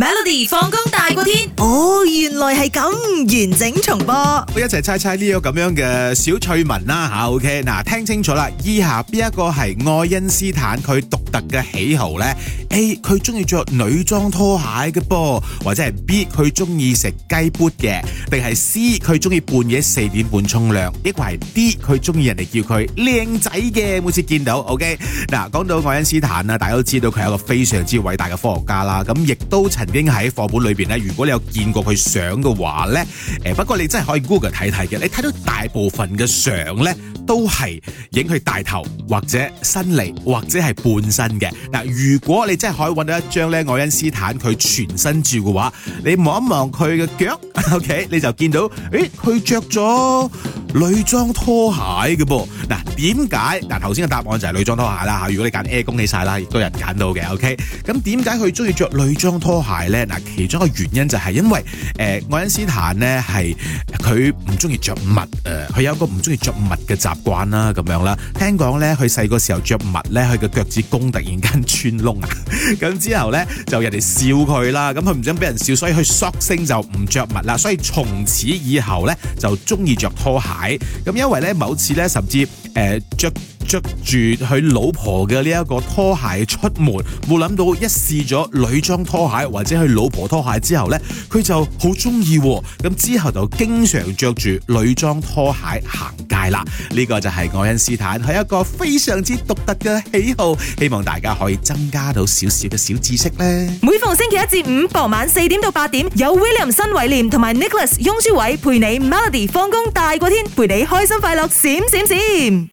Melody 放工大過天，哦，原來係咁，完整重播，我一齊猜猜呢個咁樣嘅小趣聞啦吓，OK，嗱、啊、聽清楚啦，以下邊一個係愛因斯坦佢獨特嘅喜好呢？A，佢中意着女裝拖鞋嘅噃，或者係 B，佢中意食雞髀嘅，定係 C，佢中意半夜四點半沖涼，亦或係 D，佢中意人哋叫佢靚仔嘅，每次見到，OK，嗱、啊，講到愛因斯坦啦，大家都知道佢係一個非常之偉大嘅科學家啦，咁、啊、亦都曾。已經喺課本裏邊咧，如果你有見過佢相嘅話咧，誒，不過你真係可以 Google 睇睇嘅。你睇到大部分嘅相咧，都係影佢大頭或者身嚟，或者係半身嘅。嗱，如果你真係可以搵到一張咧愛因斯坦佢全身照嘅話，你望一望佢嘅腳，OK，你就見到，誒，佢着咗。女裝拖鞋嘅噃，嗱點解？嗱頭先嘅答案就係女裝拖鞋啦嚇。如果你揀 A，恭喜曬啦，亦都有人揀到嘅 OK。咁點解佢中意著女裝拖鞋咧？嗱，其中一個原因就係因為誒愛因斯坦咧係佢唔中意著襪，誒佢有個唔中意著襪嘅習慣啦咁樣啦。聽講咧，佢細個時候著襪咧，佢嘅腳趾公突然間穿窿啊，咁之後咧就人哋笑佢啦。咁佢唔想俾人笑，所以佢索性就唔著襪啦。所以從此以後咧，就中意著拖鞋。咁因為咧，某次咧，甚至誒、呃、着，着着住佢老婆嘅呢一個拖鞋出門，冇諗到一試咗女裝拖鞋或者佢老婆拖鞋之後咧，佢就好中意喎，咁之後就經常着住女裝拖鞋行。嗱，呢個就係愛因斯坦，係一個非常之獨特嘅喜好，希望大家可以增加到少少嘅小知識咧。每逢星期一至五傍晚四點到八點，有 William 新偉廉同埋 Nicholas 雍舒偉陪你 Melody 放工大過天，陪你開心快樂閃閃閃。閃閃閃